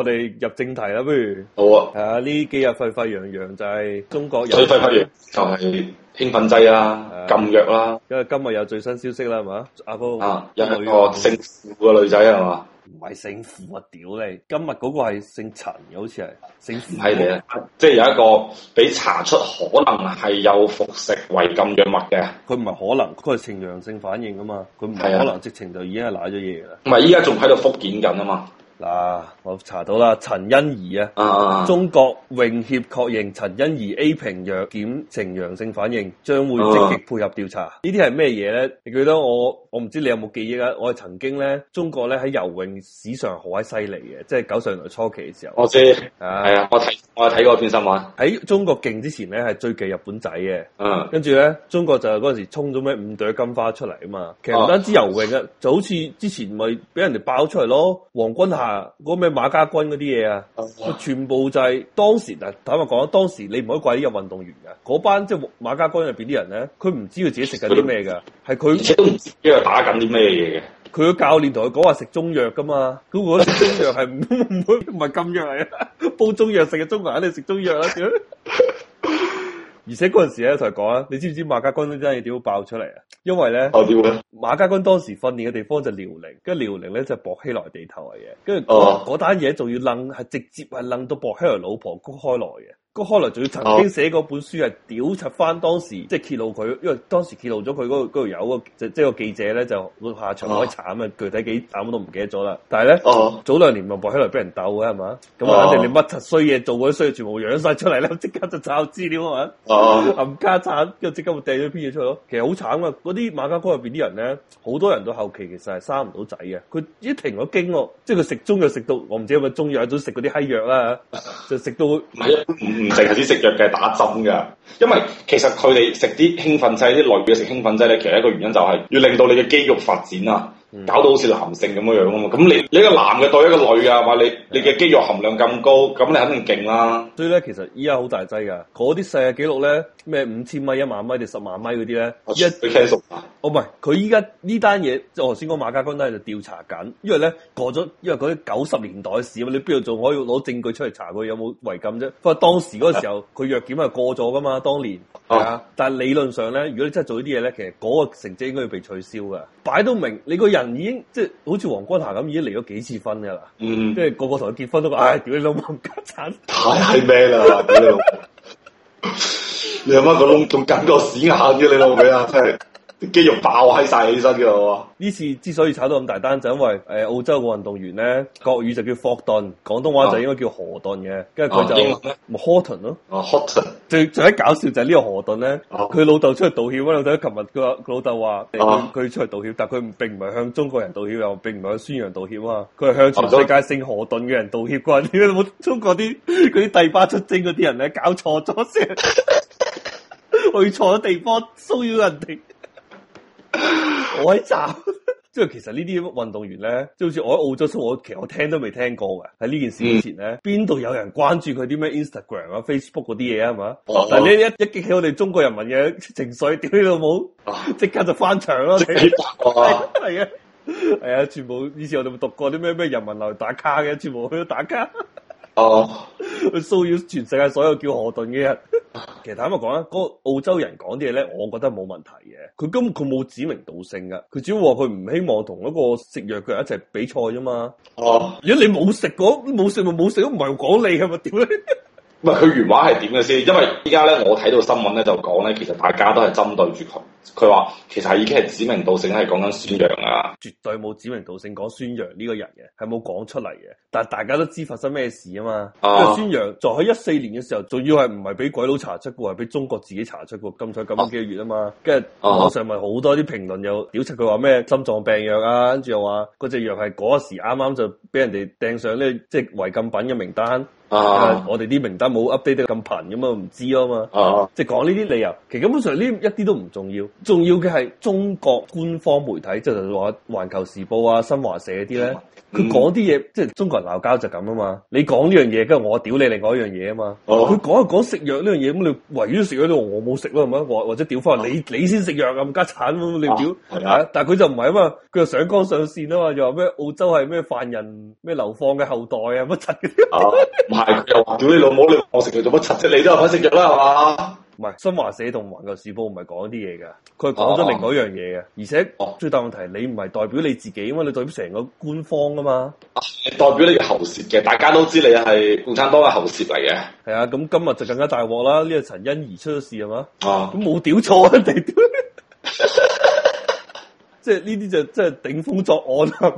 我哋入正題啦，不如好啊！係啊，呢幾日沸沸揚揚就係中國人，最沸沸揚就係興奮劑啦、啊、啊、禁藥啦、啊。因為今日有最新消息啦，係嘛？阿哥啊，有一個姓傅嘅女仔係嘛？唔係姓傅啊！屌你！今日嗰個係姓陳嘅，好似係姓傅，係你啊！即、就、係、是、有一個俾查出可能係有服食違禁藥物嘅，佢唔係可能，佢係呈陽性反應啊嘛！佢唔係可能直情的就已經係瀨咗嘢啦。唔係，依家仲喺度復檢緊啊嘛！嗱、啊，我查到啦，陳欣怡啊，啊，中國泳協確認陳欣怡 A 瓶藥檢呈陽性反應，將會積極配合調查。啊、這是什麼呢啲係咩嘢咧？你覺得我。我唔知你有冇記憶啊。我係曾經咧，中國咧喺游泳史上好閪犀利嘅，即係九十年代初期嘅時候。我知，係啊，我睇我係睇過篇新聞。喺中國勁之前咧，係最勁日本仔嘅。嗯，跟住咧，中國就嗰陣時沖咗咩五朵金花出嚟啊嘛。其實唔單止游泳啊，就好似之前咪俾人哋爆出嚟咯，王軍霞嗰咩馬家軍嗰啲嘢啊，嗯、全部就係當時嗱，坦白講，當時你唔可以怪呢個運動員噶，嗰班即係、就是、馬家軍入邊啲人咧，佢唔知道自己食緊啲咩噶，係佢 他。 打緊啲咩嘢嘅？佢個教練同佢講話食中藥噶嘛，咁嗰啲中藥係唔唔係禁藥嚟啊？煲中藥食嘅中藥肯定食中藥啦， 而且嗰陣時咧就講啊，你知唔知馬家軍真係點樣爆出嚟啊？因為咧，哦、馬家軍當時訓練嘅地方就遼寧，跟住遼寧咧就薄熙來地頭嚟嘅，跟住嗰單嘢仲要掹，係直接係掹到薄熙來老婆谷開來嘅。嗰後來仲要曾經寫嗰本書係屌柒翻當時，即係揭露佢，因為當時揭露咗佢嗰度有友個即係、那個那個記者咧，就落下場好慘啊，具體幾慘我都唔記得咗啦。但係咧，早兩年咪搏起來俾人鬥嘅係嘛？咁啊，啊肯定你乜柒衰嘢做嗰啲衰嘢，全部揚晒出嚟啦，即刻就抄資料啊！冚、 嗯、家產，又即刻掟咗篇嘢出嚟咯。其實好慘啊，嗰啲馬家哥入邊啲人咧，好多人到後期其實係生唔到仔嘅。佢一停咗經咯，即係佢食中藥食到，我唔知係咪中藥，有種食嗰啲嘿藥啦，就食到。 唔淨係只食藥嘅，打針嘅，因為其實佢哋食啲興奮劑，啲類別食興奮劑咧，其實一個原因就係要令到你嘅肌肉發展啊。搞到、嗯、好似男性咁樣樣啊嘛！咁你你一個男嘅對一個女啊，話，你你嘅肌肉含量咁高，咁你肯定勁啦。所以咧，其實依家好大劑噶。嗰啲世界紀錄咧，咩五千米、米米哦、一萬米定十萬米嗰啲咧，一哦唔係，佢依家呢單嘢即係頭先講馬家軍都喺度調查緊，因為咧過咗，因為嗰啲九十年代嘅事啊嘛，你邊度仲可以攞證據出嚟查佢有冇違禁啫？因為當時嗰個時候佢藥檢係過咗噶嘛，當年係啊。但係理論上咧，如果你真係做呢啲嘢咧，其實嗰個成績應該要被取消噶。擺到明，你個人。已經即係好似王君霞咁，已經離咗幾次婚噶啦，嗯、即係個個同佢結婚都話，唉太，屌、哎、你老母，家產太咩啦、 啊，你老，母！」你阿媽個窿仲緊個屎眼嘅，你老味啊，真係。肌肉爆喺晒起身嘅，呢次之所以炒到咁大單，就係、因為誒、呃、澳洲個運動員咧，國語就叫霍頓，廣東話就應該叫河頓嘅，跟住佢就，Horton 霍頓咯，霍頓、啊啊、最最鬼搞笑就係呢個河頓咧，佢、啊、老豆出去道歉，我老豆琴日佢話佢老豆話佢出去道歉，但係佢並唔係向中國人道歉，又並唔係向孫楊道歉啊，佢係向全世界姓河頓嘅人道歉，話點解冇中國啲嗰啲帝巴出征嗰啲人咧搞錯咗先，去錯咗地方騷擾人哋。我喺站，即係其實呢啲運動員咧，即係好似我喺澳洲，我其實我聽都未聽過嘅。喺呢件事之前咧，邊度有人關注佢啲咩 Instagram 啊、Facebook 嗰啲嘢啊嘛？嗱，你、啊、一一激起我哋中國人民嘅情緒，屌你老母，即刻就翻牆咯，係啊，係啊， 全部以前我哋咪讀過啲咩咩人民來打卡嘅，全部去到打卡，哦，去騷擾全世界所有叫何頓嘅人。其實坦白講啦，嗰個澳洲人講啲嘢咧，我覺得冇問題嘅。佢根本佢冇指名道姓噶，佢只要話佢唔希望同一個食藥嘅人一齊比賽啫嘛。哦、啊，如果你冇食過，冇食咪冇食，唔係講你係咪屌咧？唔係佢原話係點嘅先？因為依家咧，我睇到新聞咧就講咧，其實大家都係針對住佢。佢話其實已經係指名道姓，係講緊孫楊啊，絕對冇指名道姓講孫楊呢個人嘅，係冇講出嚟嘅。但係大家都知發生咩事啊嘛，啊，因為孫楊在喺一四年嘅時候，仲要係唔係俾鬼佬查出過，係俾中國自己查出過。咁在咁多幾個月啊嘛，跟住、啊、網上咪好多啲評論又屌柒佢話咩心臟病藥啊，跟住又話嗰隻藥係嗰時啱啱就俾人哋掟上呢即係違禁品嘅名單。啊，我哋啲名單冇 update 得咁頻咁啊，唔知啊嘛。即係講呢啲理由，其實根本上呢一啲都唔重要。重要嘅係中國官方媒體，即係話環球時報啊、新華社啲咧，佢講啲嘢，即係中國人鬧交就咁啊嘛。你講呢樣嘢，跟住我屌你另外一樣嘢啊嘛。佢講、啊、一講食藥呢樣嘢，咁你唯于食咗都我冇食咯，係咪？或或者屌翻你，你先食藥咁家產你屌。啊啊、但係佢就唔係啊嘛，佢就上綱上線啊嘛，又話咩澳洲係咩犯人咩流放嘅後代啊乜柒嗰啲。唔係、啊，又話屌你老母，你我食藥做乜柒啫？你都係肯食藥啦，係嘛？唔係新華社同環球時報唔係講啲嘢嘅，佢講咗另外一樣嘢嘅，而且最大問題你唔係代表你自己啊嘛，你代表成個官方啊嘛，代表你嘅喉舌嘅，大家都知你係共產黨嘅喉舌嚟嘅。係啊，咁今日就更加大鑊啦，呢個陳欣怡出咗事啊嘛，咁冇屌錯啊，即係呢啲就即係頂風作案啊，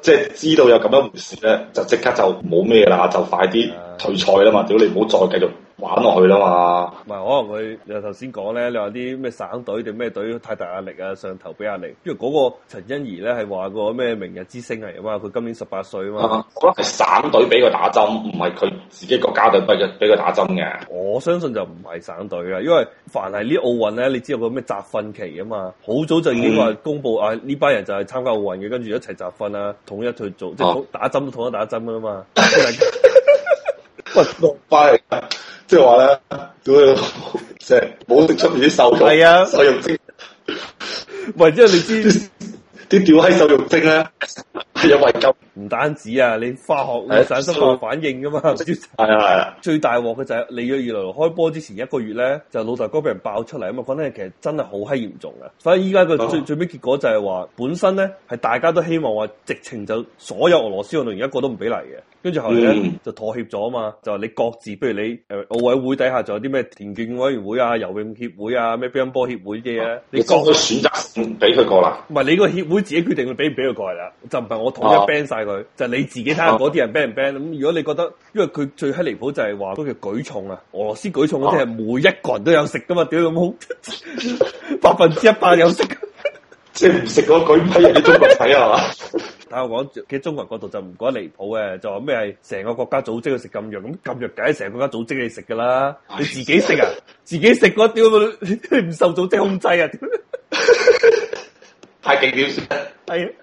即係知道有咁樣回事咧，就即刻就冇咩啦，就快啲退賽啦嘛，屌你唔好再繼續。玩落去啦嘛，唔係可能佢你頭先講咧，你話啲咩省隊定咩隊太大壓力啊？上頭俾壓力，因為嗰個陳欣怡咧係話個咩明日之星嚟啊嘛，佢今年十八歲啊嘛，係省隊俾佢打針，唔係佢自己國家隊俾嘅俾佢打針嘅。我相信就唔係省隊啦，因為凡係呢奧運咧，你知道個咩集訓期啊嘛，好早就已經話公布、嗯、啊，呢班人就係參加奧運嘅，跟住一齊集訓啊，統一去做，即係打針統一打針噶啦嘛。喂，六班。即係話咧，嗰個即係冇食出面啲瘦肉，瘦肉、 啊、用精。唔 係、 啊， 因為你知啲吊閪瘦肉精咧係有違禁。唔單止啊，你化學會產生化學反應噶嘛？係啊係啊，最大鑊嘅就係里約爾來來開波之前一個月咧，就老豆哥俾人爆出嚟啊嘛！講、那、得、個、其實真係好閪嚴重嘅、啊。所以依家個最、哦、最尾結果就係話，本身咧係大家都希望話，直情就所有俄羅斯運動員一個都唔俾嚟嘅。跟住後嚟咧、嗯、就妥協咗啊嘛，就話你各自，譬、嗯、如你誒奧、呃、委會底下仲有啲咩田徑委員會啊、游泳協會啊、咩乒乓波協會嘅、啊啊，你各自選擇唔俾佢過啦。唔係你個協會自己決定佢俾唔俾佢過嚟啦，就唔係我統一 ban d 晒。啊啊佢就你自己睇下嗰啲人 ban 唔 ban 咁，啊、能能如果你覺得，因為佢最閪離譜就係話嗰條舉重啊，俄羅斯舉重嗰啲係每一個人都有食噶嘛，屌咁好，百分之一百有食，即係唔食嗰舉咩嘢？喺中國睇係咪？ 但係我講，其實中國角度就唔覺得離譜嘅，就話咩係成個國家組織去食禁藥，咁禁藥梗係成個國家組織去食噶啦，你自己食啊？自己食嗰屌唔受組織控制啊？ 太勁表示係。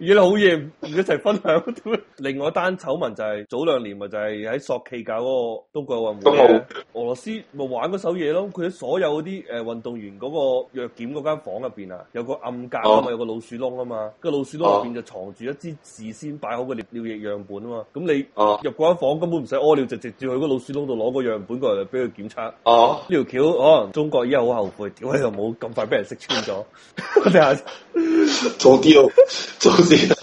而 家好嘢，而家一齊分享。另外一單醜聞就係早兩年咪就係喺索契搞嗰個冬季奧運會好，俄羅斯咪玩嗰手嘢咯。佢喺所有嗰啲誒運動員嗰個藥檢嗰間房入邊啊，有個暗格啊嘛，有個老鼠窿啊嘛。個老鼠窿入邊就藏住一支事先擺好嘅尿液樣本啊嘛。咁你入嗰間房根本唔使屙尿，就直接去嗰老鼠窿度攞個樣本過嚟俾佢檢測。哦，呢條橋可能中國而家好後悔，點解又冇咁快俾人識穿咗？咩啊 下？錯啲咯。早知道，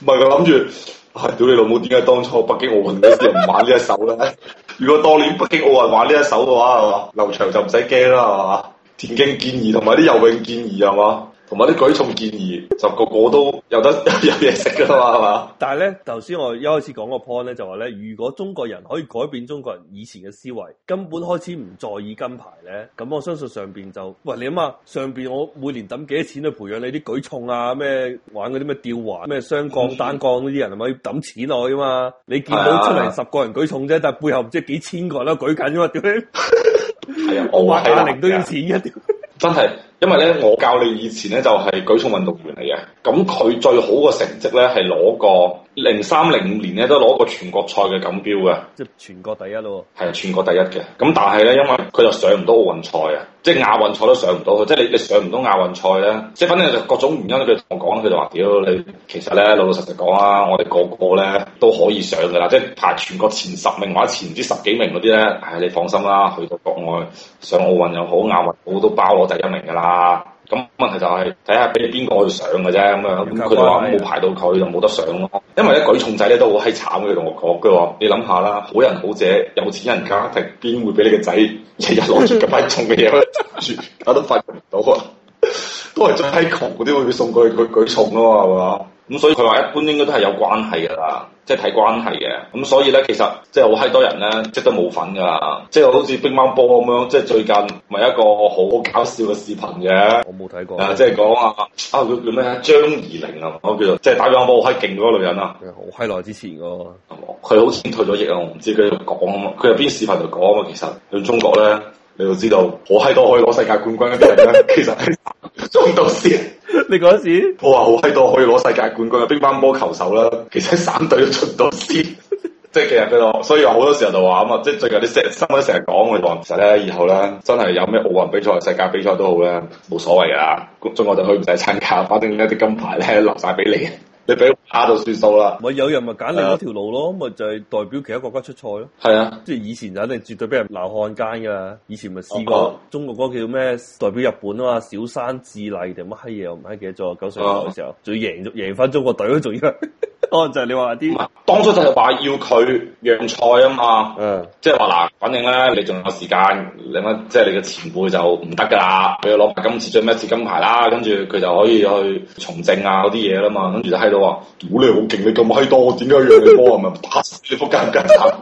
唔係我諗住，唉、哎，屌你老母，點解當初北京奧運嗰時唔玩一首呢一手咧？ 如果當年北京奧運玩呢一手嘅話，係嘛，劉翔就唔使驚啦，係嘛，田徑健兒同埋啲游泳健兒，係嘛。同埋啲舉重建議就個個都有得有嘢食噶啦嘛，係嘛？但係咧，頭先我一開始講個 point 咧，就話咧，如果中國人可以改變中國人以前嘅思維，根本開始唔在意金牌咧，咁我相信上邊就，喂你諗下，上邊我每年抌幾多錢去培養你啲舉重啊咩玩嗰啲咩吊環咩雙槓單槓嗰啲人，係咪要抌錢落去啊嘛？你見到出嚟十個人舉重啫，但係背後唔知幾千個人都舉緊啊嘛？屌你，係啊，我話阿玲都要錢一啲！真係。因為咧，我教練以前咧就係舉重運動員嚟嘅，咁佢最好嘅成績咧係攞個，零三零五年咧都攞過全國賽嘅錦標嘅，即係全國第一咯。係全國第一嘅，咁但係咧，因為佢就上唔到奧運賽啊，即係亞運賽都上唔到。佢即係你你上唔到亞運賽咧，即係反正就各種原因，佢同我講，佢就話：屌你，其實咧老老實實講啊，我哋個個咧都可以上噶啦，即係排全國前十名或者前唔知十幾名嗰啲咧，係你放心啦，去到國外上奧運又好，亞運，好，都包攞第一名噶啦。咁問題就係睇下俾邊個去上嘅啫咁樣，佢哋話冇排到佢就冇得上咯。因為咧舉重仔咧都好閪慘嘅同我講，佢話、嗯、你諗下啦，好人好者、有錢人家係邊會俾你個仔日日攞住咁閪重嘅嘢住，搞到發覺唔到啊，都係最閪窮嗰啲會俾送過去舉舉重咯，係嘛？咁、嗯、所以佢話一般應該都係有關係噶啦，即係睇關係嘅。咁、嗯、所以咧，其實即係好閪多人咧，即係都冇份噶，即係好似乒乓波咁樣。即係最近咪一個好搞笑嘅視頻嘅，我冇睇過。誒，即係講啊啊，叫叫咩啊？張、啊、怡寧啊，我叫做，即係打乒乓波好閪勁嗰個女人啊。好閪耐之前噶，係咪？佢好似退咗役啊，我唔知佢講啊嘛。佢入邊視頻就講啊嘛，其實喺中國咧，你就知道好閪多可以攞世界冠軍嗰啲人咧， 其實。中度屎，你嗰時我話好閪多可以攞世界冠軍嘅乒乓波球手啦，其實省隊都中度屎，即係其實俾我。所以話好多時候就話咁嘛，即係最近啲新聞都成日講我話，其實咧以後咧真係有咩奧運比賽、世界比賽都好咧，冇所謂啊，中國就去唔使參加，反正一啲金牌咧留晒俾你，你俾。阿到算數啦，咪有人咪揀另一條路咯，咪就係、是、代表其他國家出賽咯。係啊，即係以前就肯定絕對俾人鬧漢奸噶啦。以前咪試過中國嗰個叫咩代表日本啊嘛，小山智麗定乜閪嘢，我唔係記得咗。九歲嘅時候仲、啊、要贏咗，贏翻中國隊咯、啊，仲要，哦 就係你話啲。當初就係話要佢讓賽啊嘛，嗯、啊，即係話嗱，反正咧你仲有時間，你乜即係你嘅前輩就唔得噶啦，你要攞今次最咩次金牌啦，跟住佢就可以去從政啊嗰啲嘢啦嘛，跟住就喺度話。哦、你好勁，你咁閪多，我點解讓你波啊？係咪 打死你扑街唔夾產！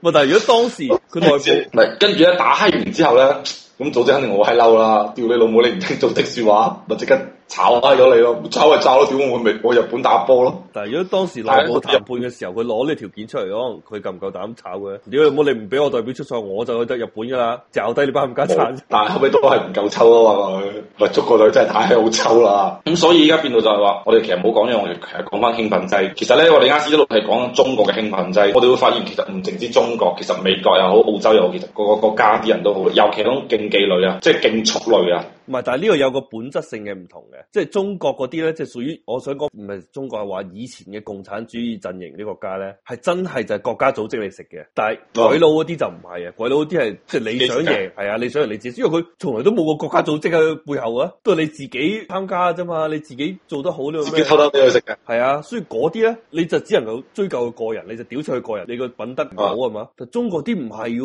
問題係如果當時佢外借，咪跟住咧打嗨完之後咧。咁組織肯定我係嬲啦！屌你老母，你唔聽組織說話，咪即刻炒開咗你咯！炒就炒咯，屌我咪我日本打波咯！但係如果當時攞談判嘅時候，佢攞呢條件出嚟，可佢夠唔夠膽炒嘅？屌你老母，你唔俾我代表出賽，我就去得日本噶啦！炒低你班冚家鏟！有 但係後尾都係唔夠抽啊嘛佢，咪 捉個女真係太好抽啦！咁、 嗯、所以而家變到就係話，我哋其實冇講呢樣，我哋其實講翻興奮劑。其實咧，我哋啱先一路係講中國嘅興奮劑，我哋會發現其實唔淨止中國，其實美國又好，澳洲又好，其實個個國家啲人都好，尤其幾類啊，即係競速類啊。唔係，但係呢個有個本質性嘅唔同嘅，即係中國嗰啲咧，即係屬於我想講唔係中國係話以前嘅共產主義陣營呢國家咧，係真係就係國家組織嚟食嘅。但係鬼佬嗰啲就唔係啊，鬼佬嗰啲係即係你想贏係啊，你想贏你自己，因為佢從來都冇個國家組織喺背後啊，都係你自己參加啫嘛，你自己做得好你自己偷偷俾佢食嘅。係啊，所以嗰啲咧，你就只能夠追究佢個人，你就屌出佢個人你個品德唔好啊嘛。但中國啲唔係，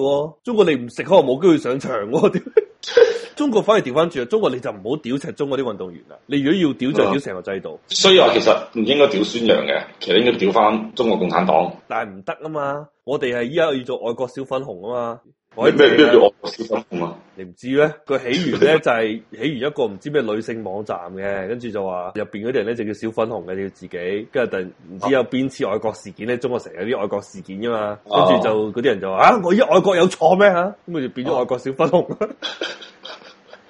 中國你唔食可能冇機會上場啊。 中國反而掉返轉，中國你就唔好屌柒中國啲運動員啦。你如果要屌就屌成個制度。嗯、所以話其實唔應該屌孫楊嘅，其實應該屌翻中國共產黨。但係唔得啊嘛，我哋係依家要做外國小粉紅啊嘛。我咩叫做愛國小粉紅啊？你唔知咧，佢起源咧就係、是、起源一個唔知咩女性網站嘅，跟住就話入邊嗰啲人咧就叫小粉紅嘅，你要自己，跟住突然唔知有邊次外國事件咧，中國成日有啲外國事件噶嘛，跟住就嗰啲人就話啊，我依家愛國有錯咩吓？咁佢就變咗 愛國小粉紅。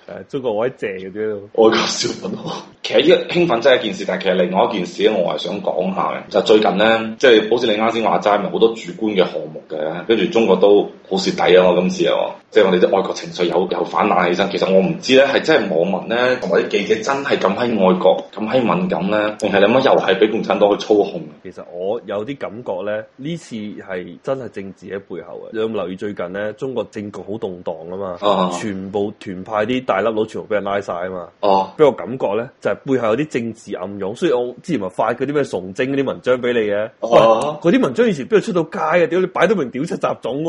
誒，中國我喺謝嘅啫，愛國小粉紅。其實依個興奮劑真係一件事，但係其實另外一件事咧，我係想講下嘅。就是、最近咧，即、就、係、是、好似你啱先話齋咪好多主觀嘅項目嘅，跟住中國都好蝕底啊，今次又、就是，即、就、係、是、我哋啲愛國情緒又又反彈起身。其實我唔知咧，係真係網民咧，同埋啲記者真係咁喺愛國，咁喺敏感咧，定係你乜又係俾共產黨去操控？其實我有啲感覺咧，呢次係真係政治喺背後啊，你有冇留意最近咧，中國政局好動盪啊嘛，啊全部團派啲大粒佬全部俾人拉晒啊嘛，俾、啊、我感覺咧就是、～背後有啲政治暗湧，所以我之前咪發嗰啲咩崇禎嗰啲文章俾你嘅，嗰啲、啊、文章以前邊度出到街啊？屌你擺到明屌七雜種，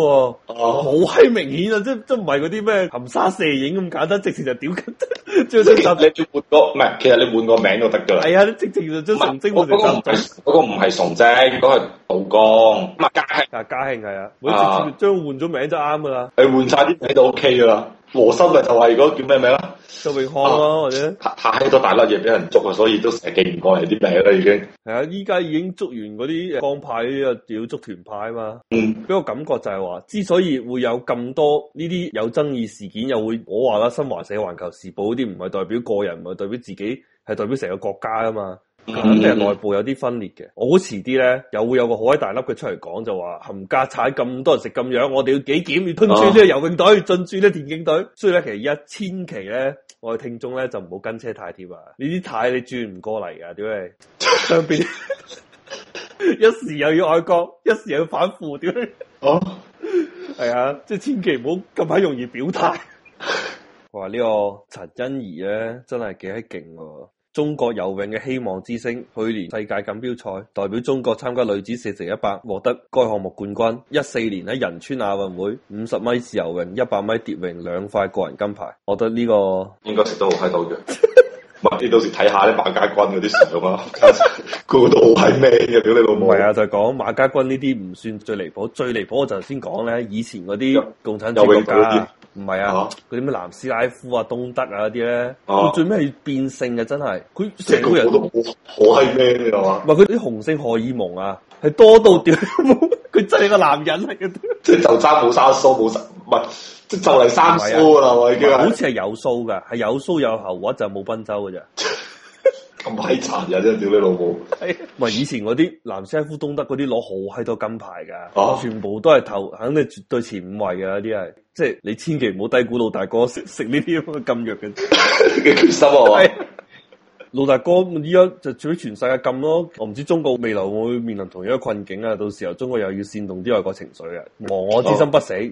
好閪明顯啊！即即唔係嗰啲咩含沙射影咁簡單，直情就屌七雜。笑笑你換個唔係，其實你換個名都得噶。係啊、哎，你直情就將崇禎嗰、那個雜。嗰、那個唔係崇禎，嗰、那個。杜江，唔係嘉慶，但係嘉慶係啊，每次將換咗名就啱噶啦，係換晒啲名就 O K 啦。和珅咪就話如果叫咩名啊？周永康咯或者，太多大粒嘢俾人捉啊，所以都成日記唔過嚟啲名啦已經。係啊，依家已經捉完嗰啲江派啊，仲要捉團派啊嘛。俾、嗯、我感覺就係話，之所以會有咁多呢啲有爭議事件，又會我話啦，新華社、環球時報嗰啲唔係代表個人，唔係代表自己，係代表成個國家啊嘛。咁即係內部有啲分裂嘅，我好遲啲咧，又會有個好鬼大粒嘅出嚟講，就話冚家鏟咁多人食咁樣，我哋要幾檢要吞住啲游泳隊，進住啲田徑隊。所以咧，其實一千祈咧，我哋聽眾咧就唔好跟車太貼啊！呢啲太，太你轉唔過嚟㗎，屌你！ 上邊面 一時又要愛國，一時又要反腐，屌樣？哦、 嗯，係 啊，即係千祈唔好咁快容易表態。話、 這個、呢個陳欣怡咧，真係幾閪勁。中國游泳嘅希望之星，去年世界錦標賽代表中國參加女子四乘一百，獲得該項目冠軍。一四年喺仁川亞運會，五十米自由泳、一百米蝶泳兩塊個人金牌，我覺得呢、這個應該食都好喺度嘅。 你到時睇下啲馬家軍嗰啲事咁啊，佢個都好閪咩嘅屌你老母。係啊，就係、是、講馬家軍呢啲唔算最離譜，最離譜我就先講咧，以前嗰啲共產黨國家，唔係啊，嗰啲咩南斯拉夫啊、東德啊嗰啲咧，佢最尾係變性嘅真係，佢成個人都好閪咩你係嘛？唔係佢啲雄性荷爾蒙啊，係多到屌，佢 真係個男人嚟嘅。即係就揸冇沙生唔係即就嚟三蘇啦，我已經。好似係有蘇嘅，係有蘇有喉我就冇賓州嘅啫。咁閪 殘嘅真係屌你老母！唔 以前嗰啲南斯拉夫、東德嗰啲攞好閪多金牌嘅，啊、全部都係頭，肯定絕對前五位嘅嗰啲係。即係、就是、你千祈唔好低估老大哥食食呢啲咁嘅禁藥嘅嘅決心啊！ 老大哥依家就做啲全世界禁咯。我唔知中國未來會面臨同樣嘅困境啊！到時候中國又要煽動啲外國情緒嘅，亡我之心不死。